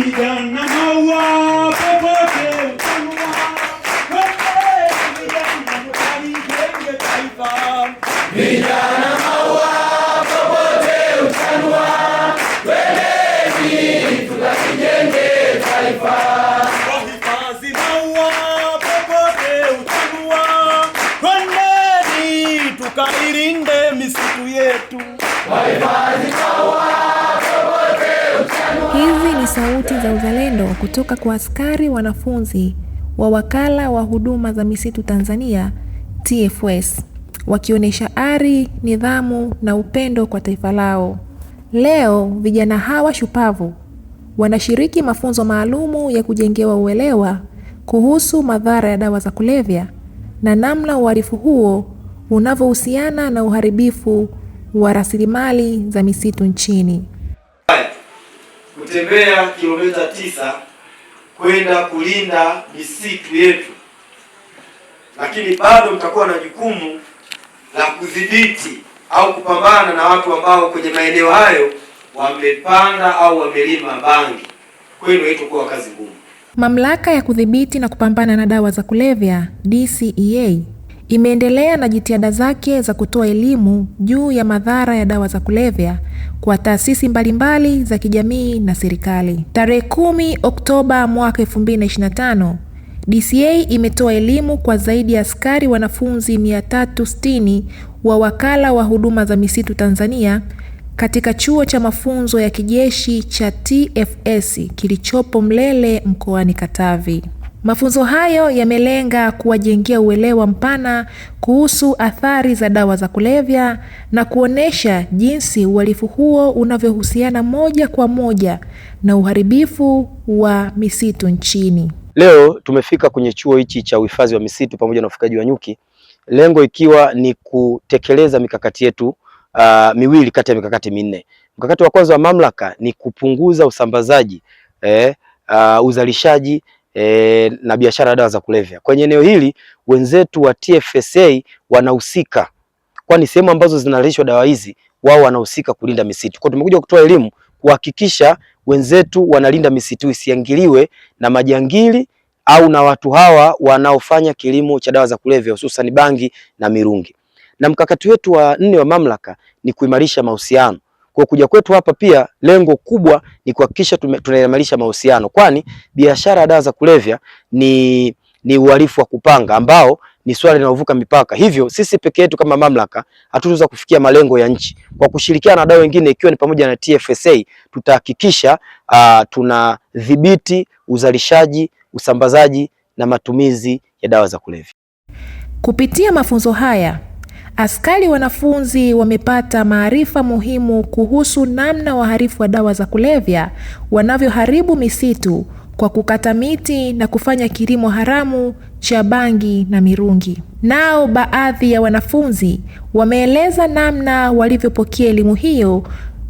be done. ni sauti za uzalendo kutoka kwa askari wanafunzi wa Wakala wa Huduma za Misitu Tanzania TFS wakionyesha ari, nidhamu na upendo kwa taifa lao. Leo vijana hawa shupavu wanashiriki mafunzo maalumu ya kujengewa uelewa kuhusu madhara ya dawa za kulevya na namna uhalifu huo unavyohusiana na uharibifu wa rasilimali za misitu nchini kutembea kilomita tisa kwenda kulinda misitu yetu, lakini bado mtakuwa na jukumu la kudhibiti au kupambana na watu ambao kwenye maeneo hayo wamepanda au wamelima bangi. Kwenu haitakuwa kazi ngumu. Mamlaka ya kudhibiti na kupambana na dawa za kulevya DCEA imeendelea na jitihada zake za kutoa elimu juu ya madhara ya dawa za kulevya kwa taasisi mbalimbali za kijamii na serikali. Tarehe 10 Oktoba mwaka 2025, DCA imetoa elimu kwa zaidi ya askari wanafunzi 360 wa Wakala wa Huduma za Misitu Tanzania katika chuo cha mafunzo ya kijeshi cha TFS kilichopo Mlele mkoani Katavi. Mafunzo hayo yamelenga kuwajengea uelewa mpana kuhusu athari za dawa za kulevya na kuonesha jinsi uhalifu huo unavyohusiana moja kwa moja na uharibifu wa misitu nchini. Leo tumefika kwenye chuo hichi cha uhifadhi wa misitu pamoja na ufugaji wa nyuki, lengo ikiwa ni kutekeleza mikakati yetu uh, miwili kati ya mikakati minne. Mkakati wa kwanza wa mamlaka ni kupunguza usambazaji eh, uh, uzalishaji e, na biashara ya dawa za kulevya. Kwenye eneo hili wenzetu wa TFSA wanahusika, kwani sehemu ambazo zinalishwa dawa hizi wao wanahusika kulinda misitu. Kwa tumekuja kutoa elimu kuhakikisha wenzetu wanalinda misitu isiangiliwe na majangili au na watu hawa wanaofanya kilimo cha dawa za kulevya hususan bangi na mirungi. Na mkakati wetu wa nne wa mamlaka ni kuimarisha mahusiano kwa kuja kwetu hapa pia lengo kubwa ni kuhakikisha tunaimarisha mahusiano, kwani biashara ya dawa za kulevya ni ni uhalifu wa kupanga ambao ni swala linalovuka mipaka. Hivyo sisi peke yetu kama mamlaka hatuweza kufikia malengo ya nchi. Kwa kushirikiana na wadau wengine ikiwa ni pamoja na TFSA, tutahakikisha uh, tunadhibiti uzalishaji, usambazaji na matumizi ya dawa za kulevya. Kupitia mafunzo haya Askari wanafunzi wamepata maarifa muhimu kuhusu namna wahalifu wa dawa za kulevya wanavyoharibu misitu kwa kukata miti na kufanya kilimo haramu cha bangi na mirungi. Nao baadhi ya wanafunzi wameeleza namna walivyopokea elimu hiyo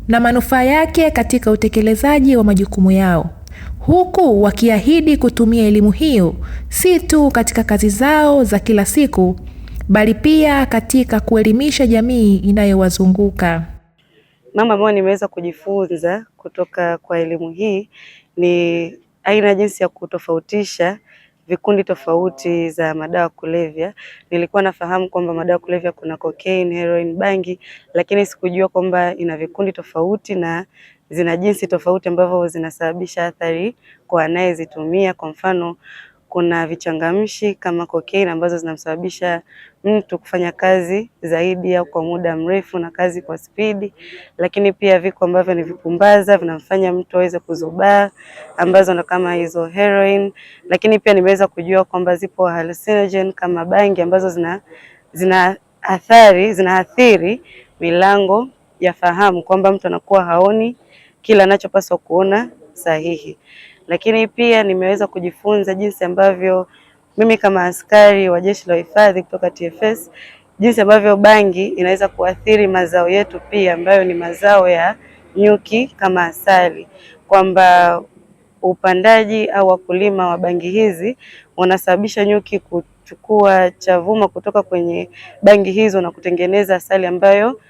na manufaa yake katika utekelezaji wa majukumu yao, huku wakiahidi kutumia elimu hiyo si tu katika kazi zao za kila siku bali pia katika kuelimisha jamii inayowazunguka. Mambo ambayo nimeweza kujifunza kutoka kwa elimu hii ni aina jinsi ya kutofautisha vikundi tofauti za madawa kulevya. Nilikuwa nafahamu kwamba madawa kulevya kuna cocaine, heroin, bangi, lakini sikujua kwamba ina vikundi tofauti na zina jinsi tofauti ambavyo zinasababisha athari kwa anayezitumia. Kwa mfano kuna vichangamshi kama cocaine ambazo zinamsababisha mtu kufanya kazi zaidi au kwa muda mrefu na kazi kwa spidi, lakini pia viko ambavyo ni vipumbaza vinamfanya mtu aweze kuzubaa ambazo ndo kama hizo heroin, lakini pia nimeweza kujua kwamba zipo hallucinogen kama bangi ambazo zina zina athari zinaathiri milango ya fahamu kwamba mtu anakuwa haoni kila anachopaswa kuona sahihi lakini pia nimeweza kujifunza jinsi ambavyo mimi kama askari wa Jeshi la Uhifadhi kutoka TFS, jinsi ambavyo bangi inaweza kuathiri mazao yetu pia ambayo ni mazao ya nyuki kama asali, kwamba upandaji au wakulima wa bangi hizi wanasababisha nyuki ku kuchukua chavuma kutoka kwenye bangi hizo na kutengeneza asali ambayo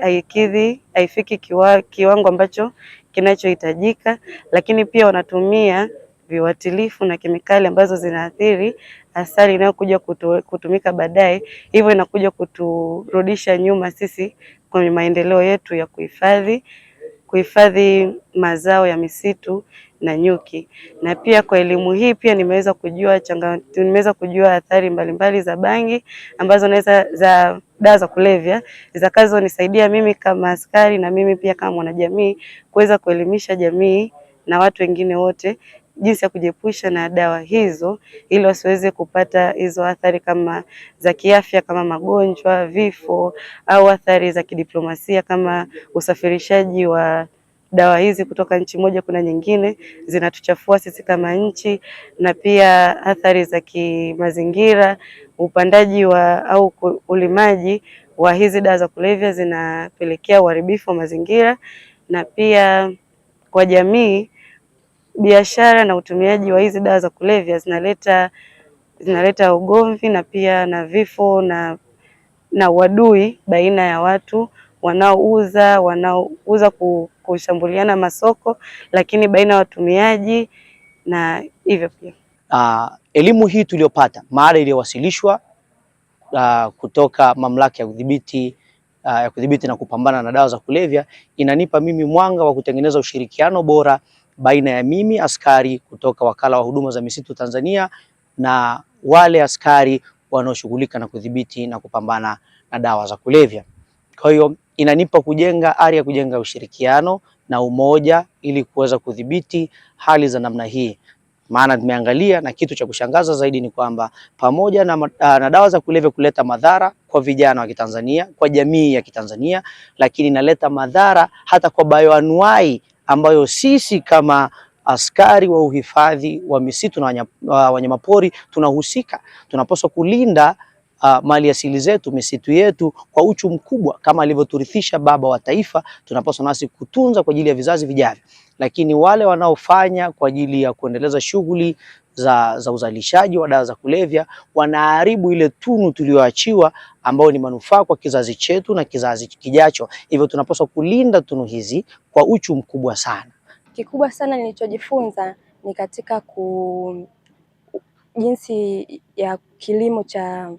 haikidhi haifiki kiwa, kiwango ambacho kinachohitajika, lakini pia wanatumia viuatilifu na kemikali ambazo zinaathiri asali inayokuja kutumika baadaye. Hivyo inakuja kuturudisha nyuma sisi kwenye maendeleo yetu ya kuhifadhi kuhifadhi mazao ya misitu na nyuki. Na pia kwa elimu hii pia nimeweza kujua changa, nimeweza kujua athari mbalimbali za bangi ambazo naweza za dawa za kulevya zitakazonisaidia mimi kama askari na mimi pia kama mwanajamii kuweza kuelimisha jamii na watu wengine wote jinsi ya kujiepusha na dawa hizo ili wasiweze kupata hizo athari kama za kiafya kama magonjwa, vifo au athari za kidiplomasia kama usafirishaji wa dawa hizi kutoka nchi moja kuna nyingine zinatuchafua sisi kama nchi, na pia athari za kimazingira, upandaji wa au ulimaji wa hizi dawa za kulevya zinapelekea uharibifu wa mazingira, na pia kwa jamii, biashara na utumiaji wa hizi dawa za kulevya zinaleta zinaleta ugomvi na pia na vifo na na uadui baina ya watu wanaouza wanaouza ku kushambuliana masoko, lakini baina ya watumiaji na hivyo pia. Uh, elimu hii tuliyopata mara iliyowasilishwa uh, kutoka mamlaka ya kudhibiti uh, ya kudhibiti na kupambana na dawa za kulevya inanipa mimi mwanga wa kutengeneza ushirikiano bora baina ya mimi askari kutoka wakala wa huduma za misitu Tanzania na wale askari wanaoshughulika na kudhibiti na kupambana na dawa za kulevya. Kwa hiyo inanipa kujenga ari ya kujenga ushirikiano na umoja ili kuweza kudhibiti hali za namna hii. Maana tumeangalia na kitu cha kushangaza zaidi ni kwamba pamoja na, na dawa za kulevya kuleta madhara kwa vijana wa Kitanzania, kwa jamii ya Kitanzania, lakini inaleta madhara hata kwa bayoanuai ambayo sisi kama askari wa uhifadhi wa misitu na wanyamapori tunahusika. Tunapaswa kulinda uh, mali asili zetu, misitu yetu kwa uchu mkubwa kama alivyoturithisha baba wa taifa, tunapaswa nasi kutunza kwa ajili ya vizazi vijavyo. Lakini wale wanaofanya kwa ajili ya kuendeleza shughuli za, za uzalishaji wa dawa za kulevya wanaharibu ile tunu tuliyoachiwa ambayo ni manufaa kwa kizazi chetu na kizazi kijacho. Hivyo tunapaswa kulinda tunu hizi kwa uchu mkubwa sana. Kikubwa sana nilichojifunza ni katika ku jinsi ya kilimo cha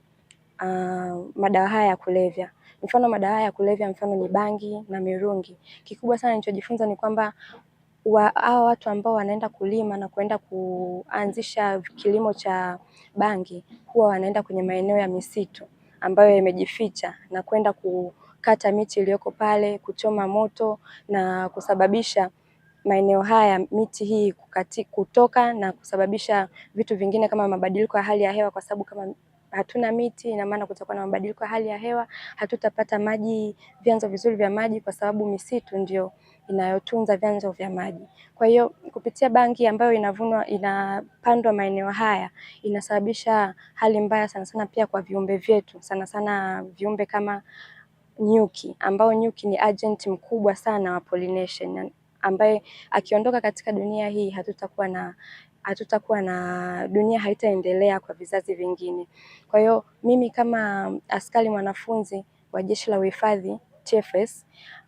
uh, madawa haya ya kulevya. Mfano madawa haya ya kulevya mfano ni bangi na mirungi. Kikubwa sana nilichojifunza ni kwamba hawa watu ambao wanaenda kulima na kuenda kuanzisha kilimo cha bangi huwa wanaenda kwenye maeneo ya misitu ambayo yamejificha na kwenda kukata miti iliyoko pale, kuchoma moto na kusababisha maeneo haya miti hii kukati, kutoka na kusababisha vitu vingine kama mabadiliko ya hali ya hewa kwa sababu kama hatuna miti, ina maana kutakuwa na mabadiliko ya hali ya hewa, hatutapata maji, vyanzo vizuri vya maji, kwa sababu misitu ndio inayotunza vyanzo vya maji. Kwa hiyo kupitia bangi ambayo inavunwa inapandwa maeneo haya inasababisha hali mbaya sana sana pia kwa viumbe vyetu, sana sana viumbe kama nyuki, ambao nyuki ni agent mkubwa sana wa pollination, ambaye akiondoka katika dunia hii hatutakuwa na hatutakuwa na dunia haitaendelea kwa vizazi vingine. Kwa hiyo mimi kama askari mwanafunzi wa Jeshi la Uhifadhi TFS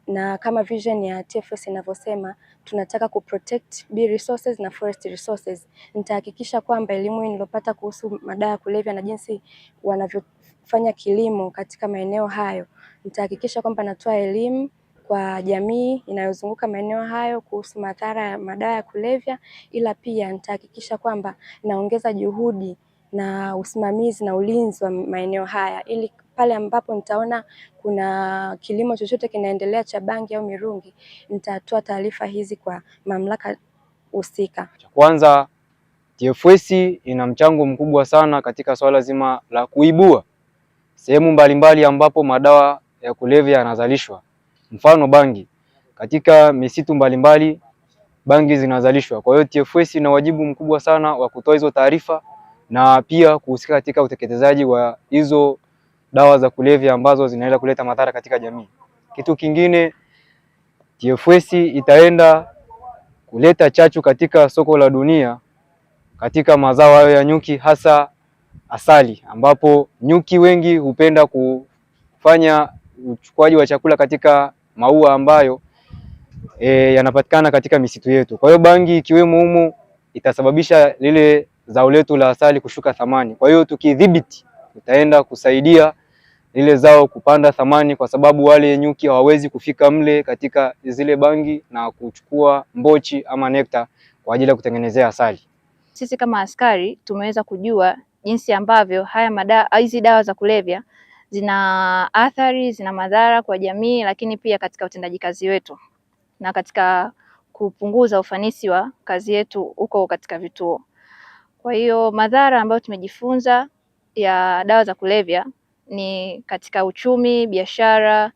na kama vision ya TFS inavyosema tunataka protect bee resources na forest resources, nitahakikisha kwamba elimu nilopata kuhusu madawa ya kulevya na jinsi wanavyofanya kilimo katika maeneo hayo, nitahakikisha kwamba natoa elimu kwa jamii inayozunguka maeneo hayo kuhusu madhara ya madawa ya kulevya, ila pia nitahakikisha kwamba naongeza juhudi na usimamizi na ulinzi wa maeneo haya ili pale ambapo nitaona kuna kilimo chochote kinaendelea cha bangi au mirungi, nitatoa taarifa hizi kwa mamlaka husika. Cha kwanza, TFS ina mchango mkubwa sana katika swala zima la kuibua sehemu mbalimbali ambapo madawa ya kulevya yanazalishwa mfano bangi. Katika misitu mbalimbali bangi zinazalishwa. Kwa hiyo TFS ina wajibu mkubwa sana wa kutoa hizo taarifa na pia kuhusika katika utekelezaji wa hizo dawa za kulevya ambazo zinaweza kuleta madhara katika jamii. Kitu kingine, TFS itaenda kuleta chachu katika soko la dunia katika mazao hayo ya nyuki, hasa asali, ambapo nyuki wengi hupenda kufanya uchukuaji wa chakula katika maua ambayo e, yanapatikana katika misitu yetu. Kwa hiyo bangi ikiwemo humo itasababisha lile zao letu la asali kushuka thamani. Kwa hiyo tukidhibiti, tutaenda kusaidia lile zao kupanda thamani, kwa sababu wale nyuki hawawezi kufika mle katika zile bangi na kuchukua mbochi ama nekta kwa ajili ya kutengenezea asali. Sisi kama askari tumeweza kujua jinsi ambavyo haya madawa hizi dawa za kulevya zina athari, zina madhara kwa jamii, lakini pia katika utendaji kazi wetu na katika kupunguza ufanisi wa kazi yetu huko katika vituo. Kwa hiyo madhara ambayo tumejifunza ya dawa za kulevya ni katika uchumi, biashara,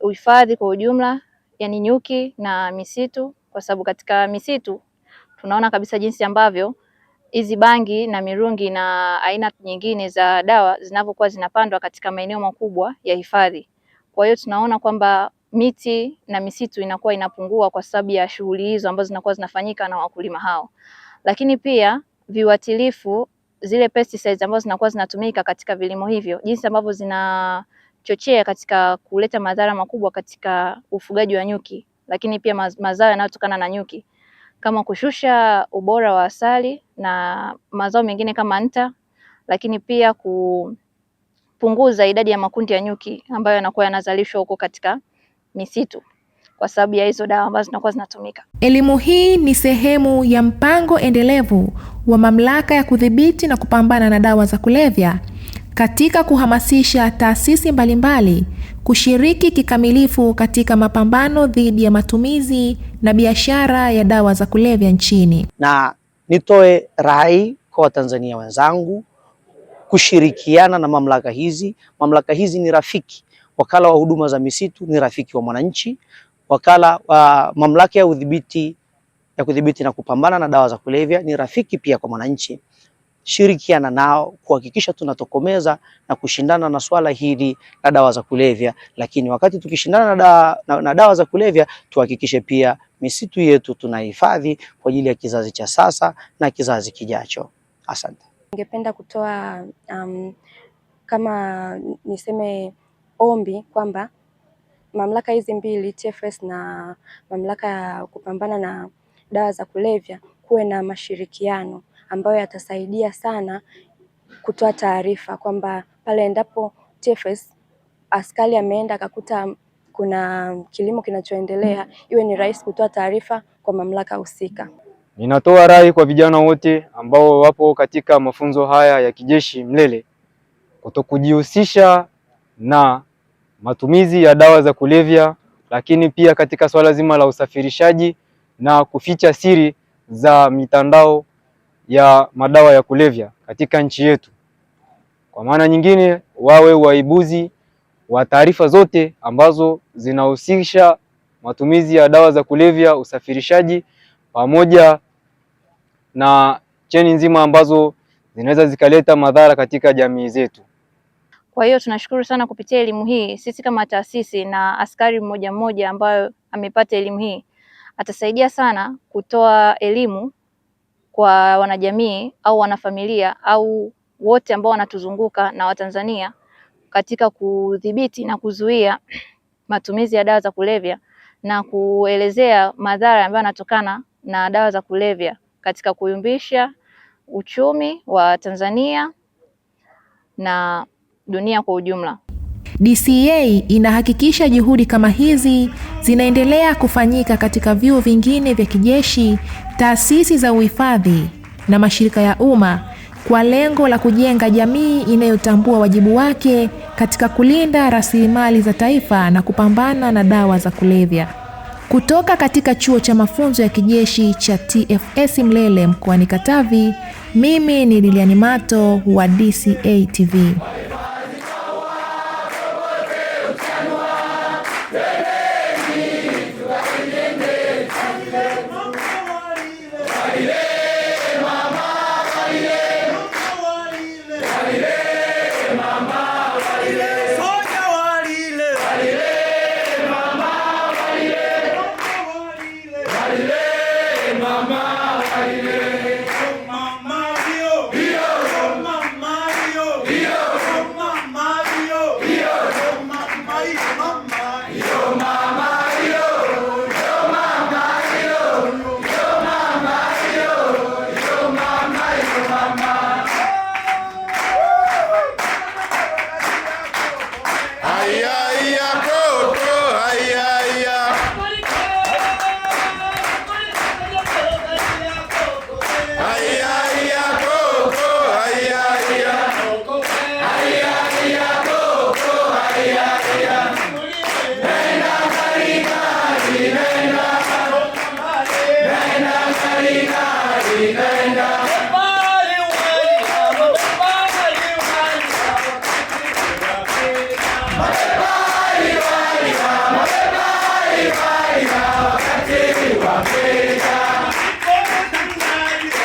uhifadhi kwa ujumla, yani nyuki na misitu, kwa sababu katika misitu tunaona kabisa jinsi ambavyo hizi bangi na mirungi na aina nyingine za dawa zinavyokuwa zinapandwa katika maeneo makubwa ya hifadhi. Kwa hiyo tunaona kwamba miti na misitu inakuwa inapungua kwa sababu ya shughuli hizo ambazo zinakuwa zinafanyika na wakulima hao, lakini pia viuatilifu, zile pesticides ambazo zinakuwa zinatumika katika vilimo hivyo, jinsi ambavyo zinachochea katika kuleta madhara makubwa katika ufugaji wa nyuki, lakini pia mazao yanayotokana na nyuki kama kushusha ubora wa asali na mazao mengine kama nta, lakini pia kupunguza idadi ya makundi ya nyuki ambayo yanakuwa yanazalishwa huko katika misitu kwa sababu ya hizo dawa ambazo zinakuwa zinatumika. Elimu hii ni sehemu ya mpango endelevu wa Mamlaka ya Kudhibiti na Kupambana na Dawa za Kulevya katika kuhamasisha taasisi mbalimbali kushiriki kikamilifu katika mapambano dhidi ya matumizi na biashara ya dawa za kulevya nchini. Na nitoe rai kwa Watanzania wenzangu kushirikiana na mamlaka hizi. Mamlaka hizi ni rafiki. Wakala wa huduma za misitu ni rafiki wa mwananchi. Wakala wa uh, mamlaka ya udhibiti ya kudhibiti na kupambana na dawa za kulevya ni rafiki pia kwa mwananchi shirikiana nao kuhakikisha tunatokomeza na kushindana na swala hili la dawa za kulevya. Lakini wakati tukishindana na dawa, na, na dawa za kulevya tuhakikishe pia misitu yetu tunahifadhi kwa ajili ya kizazi cha sasa na kizazi kijacho. Asante. Ningependa kutoa um, kama niseme ombi kwamba mamlaka hizi mbili TFS na mamlaka ya kupambana na dawa za kulevya kuwe na mashirikiano ambayo yatasaidia sana kutoa taarifa kwamba pale endapo TFS askari ameenda akakuta kuna kilimo kinachoendelea, iwe ni rahisi kutoa taarifa kwa mamlaka husika. Ninatoa rai kwa vijana wote ambao wapo katika mafunzo haya ya kijeshi Mlele kutokujihusisha na matumizi ya dawa za kulevya, lakini pia katika swala zima la usafirishaji na kuficha siri za mitandao ya madawa ya kulevya katika nchi yetu. Kwa maana nyingine, wawe waibuzi wa taarifa zote ambazo zinahusisha matumizi ya dawa za kulevya, usafirishaji pamoja na cheni nzima ambazo zinaweza zikaleta madhara katika jamii zetu. Kwa hiyo tunashukuru sana kupitia elimu hii, sisi kama taasisi na askari mmoja mmoja ambayo amepata elimu hii atasaidia sana kutoa elimu kwa wanajamii au wanafamilia au wote ambao wanatuzunguka na Watanzania katika kudhibiti na kuzuia matumizi ya dawa za kulevya na kuelezea madhara ambayo yanatokana na dawa za kulevya katika kuyumbisha uchumi wa Tanzania na dunia kwa ujumla. DCEA inahakikisha juhudi kama hizi zinaendelea kufanyika katika vyuo vingine vya kijeshi, taasisi za uhifadhi na mashirika ya umma kwa lengo la kujenga jamii inayotambua wajibu wake katika kulinda rasilimali za taifa na kupambana na dawa za kulevya. Kutoka katika chuo cha mafunzo ya kijeshi cha TFS Mlele mkoani Katavi, mimi ni Liliani Mato wa DCEA TV.